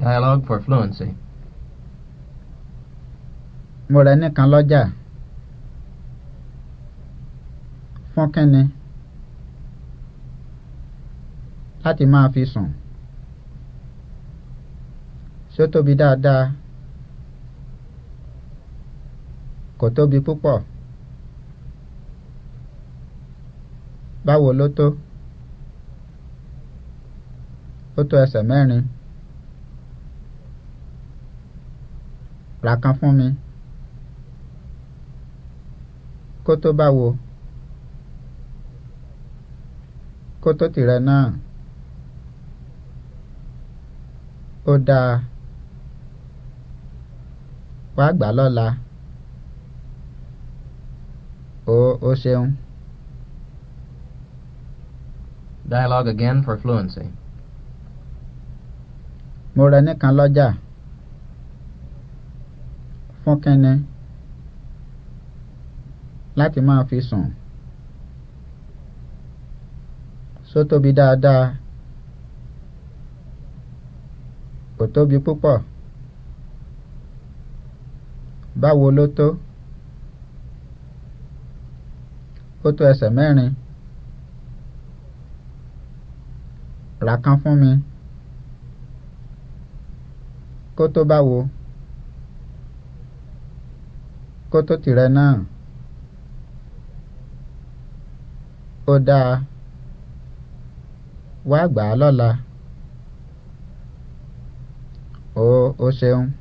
Dialogue for fluency. Mo rẹ̀ nìkan lọ́jà. Fún kínní. Láti máa fi sùn. Ṣé ó tóbi dáadáa? Kò tóbi púpọ̀. Báwo ló tó? Ó tó ẹsẹ̀ mẹ́rin. ra kan fún mi kó tó báwo kó tó tìrẹ náà ó dáa wá gbà lọ́la o o ṣeun. Dialogue again for fluency. mo rẹ nìkan lọ́jà. Ja fọ́nkẹ́nẹ́ láti máa fi sùn só tóbi dáadáa kò tóbi púpọ̀ báwo ló tó ó tó ẹsẹ̀ mẹ́rin rà kan fún mi kó tó báwo kó tó tìrẹ náà ó dáa wá gbà á lọ́la ó ó ṣeun.